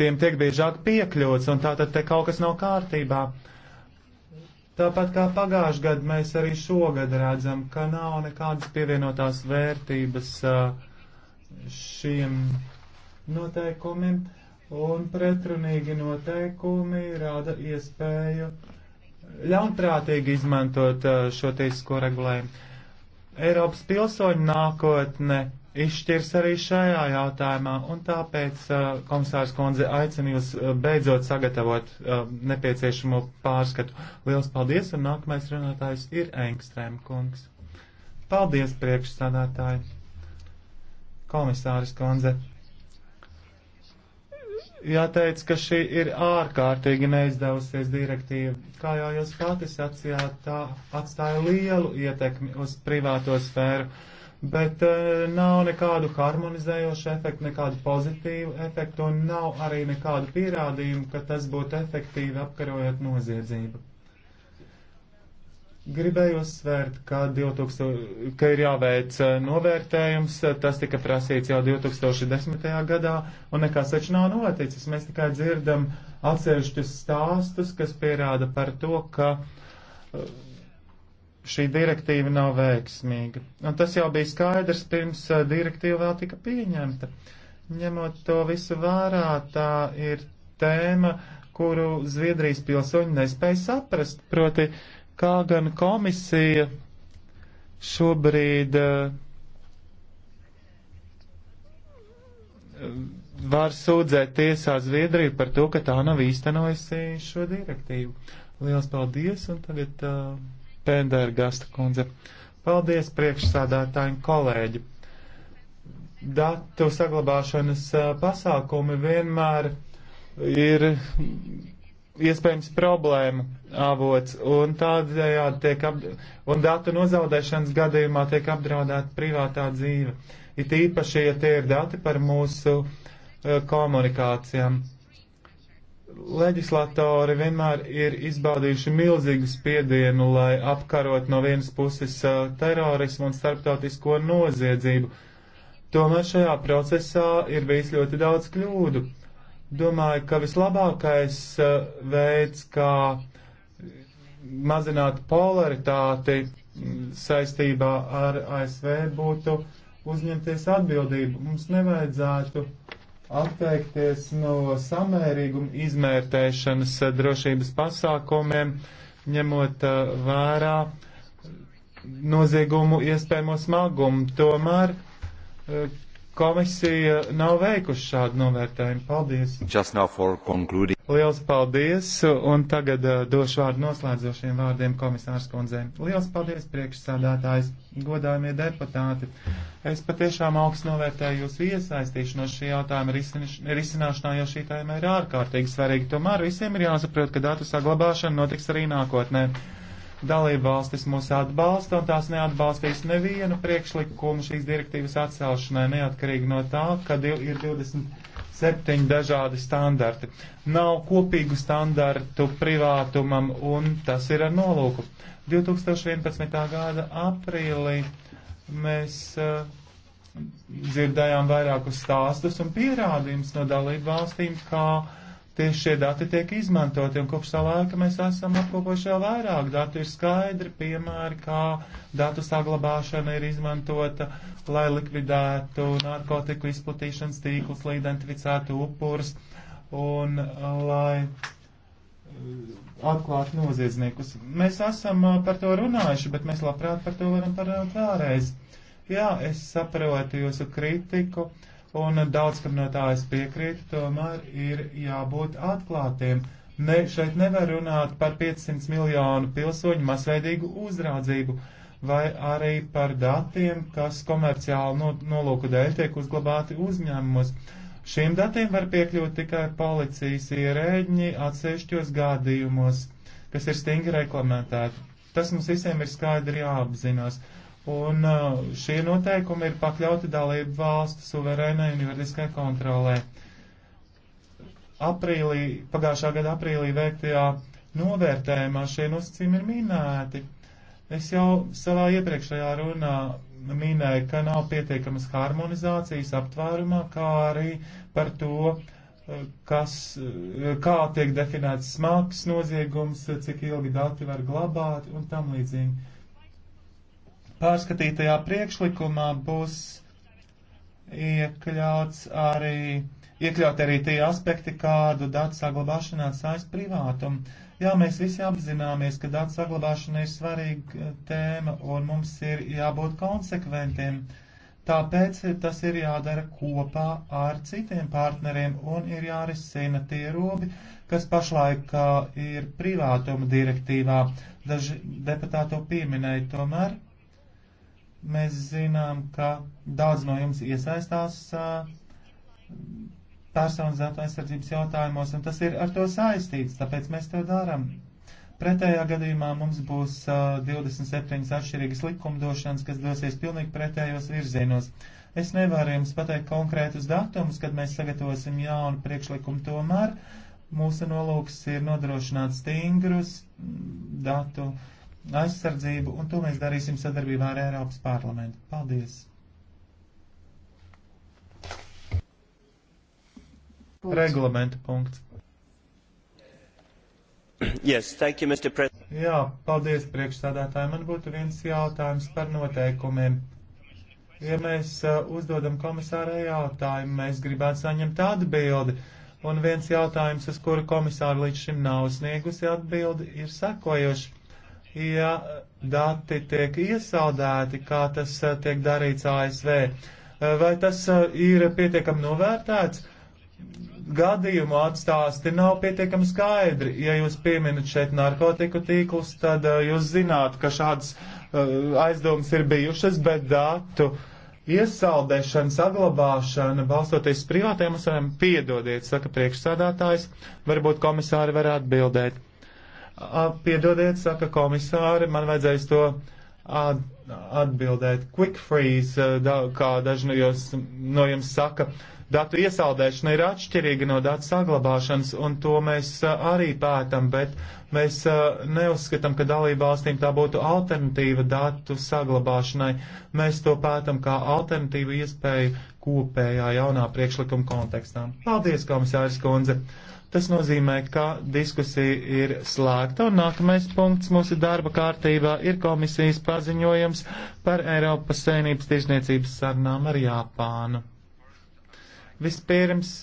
tiem tiek biežāk piekļūts, un tātad te kaut kas nav kārtībā. Tāpat kā pagājušajā gadā, mēs arī šogad redzam, ka nav nekādas pievienotās vērtības uh, šiem noteikumiem, un pretrunīgi noteikumi rada iespēju ļaunprātīgi izmantot uh, šo tiesisko regulējumu. Eiropas pilsoņu nākotne izšķirs arī šajā jautājumā, un tāpēc uh, komisārs Konze aicinu jūs uh, beidzot sagatavot nepieciešamo pārskatu. Liels paldies, un nākamais runātājs ir Engstrēm kungs. Paldies, priekšsādātāji! komisāris Konze. Jāteic, ka šī ir ārkārtīgi neizdevusies direktīva. Kā jau jūs pati sacījāt, tā atstāja lielu ietekmi uz privāto sfēru, bet uh, nav nekādu harmonizējošu efektu, nekādu pozitīvu efektu un nav arī nekādu pierādījumu, ka tas būtu efektīvi apkarojot noziedzību. Gribēju uzsvērt, ka, 2000, ka ir jāveic eh, novērtējums, tas tika prasīts jau 2010. gadā, un nekas taču nav noticis. Mēs tikai dzirdam atsevišķus stāstus, kas pierāda par to, ka eh, šī direktīva nav veiksmīga. Un tas jau bija skaidrs pirms eh, direktīva vēl tika pieņemta. Ņemot to visu vērā, tā ir tēma, kuru Zviedrijas pilsoņi nespēja saprast. Proti, uh, kā gan komisija šobrīd eh, var sūdzēt tiesā Zviedriju par to, ka tā nav īstenojusi šo direktīvu. Lielas paldies, un tagad uh, eh, Pēndēra Gasta kundze. Paldies priekšsādātājiem kolēģi. Datu saglabāšanas uh, pasākumi vienmēr ir iespējams problēmu avots, un tādējādi tiek ap, un datu nozaudēšanas gadījumā tiek apdraudēta privātā dzīve. It īpaši, ja tie ir dati par mūsu eh, komunikācijām. Leģislatori vienmēr ir izbaudījuši milzīgu spiedienu, lai apkarot no vienas puses eh, terorismu un starptautisko noziedzību. Tomēr šajā procesā ir bijis ļoti daudz kļūdu Domāju, ka vislabākais uh, veids, kā mazināt polaritāti mm, saistībā ar ASV, būtu uzņemties atbildību. Mums nevajadzētu atteikties no samērīguma izmērtēšanas uh, drošības pasākumiem, ņemot uh, vērā noziegumu iespējamo smagumu. Tomēr Komisija nav veikuši šādu novērtējumu. Paldies! Lielas paldies! Un tagad uh, došu vārdu noslēdzošiem vārdiem komisārs kundzei. Lielas paldies, priekšsādātājs, godājumie deputāti! Es patiešām augstu novērtēju jūsu iesaistīšanos šī jautājuma risināšanā, jo šī tēma ir ārkārtīgi svarīga. Tomēr visiem ir jāsaprot, ka datu saglabāšana notiks arī nākotnē. Dalībvalstis mūs atbalsta un tās neatbalstīs nevienu priekšlikumu šīs direktīvas atcelšanai, neatkarīgi no tā, ka ir 27 dažādi standarti. Nav kopīgu standartu privātumam un tas ir ar nolūku. 2011. gada aprīlī mēs uh, dzirdējām vairākus stāstus un pierādījumus no dalību valstīm, kā tieši šie dati tiek izmantoti, un kopš tā laika mēs esam apkopojuši vēl vairāk datu. Ir skaidri piemēri, kā datu saglabāšana ir izmantota, lai likvidētu narkotiku izplatīšanas tīklus, lai identificētu upurus un uh, lai uh, atklātu noziedzniekus. Mēs esam uh, par to runājuši, bet mēs labprāt par to varam parunāt vēlreiz. Jā, es saprotu jūsu kritiku. Uh, un daudz, kam no tā es piekrītu, tomēr ir jābūt atklātiem. Ne, šeit nevar runāt par 500 miljonu pilsoņu masveidīgu uzraudzību vai arī par datiem, kas komerciāli no, nolūku dēļ tiek uzglabāti uzņēmumos. Šiem datiem var piekļūt tikai policijas ierēģi atsevišķos gadījumos, kas ir stingri reklamētēti. Tas mums visiem ir skaidri jāapzinās. Uh, un uh, šie noteikumi ir pakļauti dalību valstu suverēnai un juridiskai kontrolē. Aprīlī, pagājušā gada aprīlī veiktajā novērtējumā šie nosacījumi ir minēti. Es jau savā iepriekšējā runā minēju, ka nav pietiekamas harmonizācijas aptvērumā, kā arī par to, uh, kas, uh, kā tiek definēts smags noziegums, cik ilgi dati var glabāt un tam līdzīgi Pārskatītajā priekšlikumā būs iekļauts arī, iekļaut arī tie aspekti, kādu datu saglabāšanā saist privātumu. Jā, mēs visi apzināmies, ka datu saglabāšana ir svarīga tēma un mums ir jābūt konsekventiem. Tāpēc tas ir jādara kopā ar citiem partneriem un ir jārisina tie robi, kas pašlaik ir privātuma direktīvā. Daži deputāti to pieminēja, tomēr Mēs zinām, ka daudz no jums iesaistās personas datu aizsardzības jautājumos, un tas ir ar to saistīts, tāpēc mēs to darām. Pretējā gadījumā mums būs 27 atšķirīgas likumdošanas, kas dosies pilnīgi pretējos virzienos. Es nevaru jums pateikt konkrētus datumus, kad mēs sagatavosim jaunu priekšlikumu tomēr. Mūsu nolūks ir nodrošināt stingrus datu uh, aizsardzību, un to mēs darīsim sadarbībā ar Eiropas parlamentu. Paldies! Punkts. Reglamenta punkts. Yes, thank you, Mr. President. Jā, paldies priekšstādātāji. Man būtu viens jautājums par noteikumiem. Ja mēs uh, uzdodam komisārai jautājumu, mēs gribētu saņemt atbildi. Un viens jautājums, uz kuru komisāra līdz šim nav sniegusi atbildi, ir sekojošs ja dati tiek iesaldēti, kā tas eh, tiek darīts ASV. Eh, vai tas eh, ir pietiekami novērtēts? Gadījumu atstāsti nav pietiekami skaidri. Ja jūs pieminat šeit narkotiku tīklus, tad jūs zināt, ka šādas aizdomas ir bijušas, bet datu iesaldēšana, saglabāšana, balstoties privātiem uzsvariem, piedodiet, saka priekšsādātājs, varbūt komisāri varētu atbildēt. Piedodiet, saka komisāri, man vajadzēs to atbildēt. Quick freeze, eh, kā daži no jums, no jums saka, datu iesaldēšana ir atšķirīga no datu saglabāšanas, un to mēs eh, arī pētam, bet mēs eh, neuzskatām, ka dalībvalstīm tā būtu alternatīva datu saglabāšanai. Mēs to pētam kā alternatīvu iespēju kopējā jaunā priekšlikuma kontekstā. Paldies, komisāris Kundze! Tas nozīmē, ka diskusija ir slēgta un nākamais punkts mūsu darba kārtībā ir komisijas paziņojums par Eiropas saimnības tirzniecības sarunām ar Japānu. Vispirms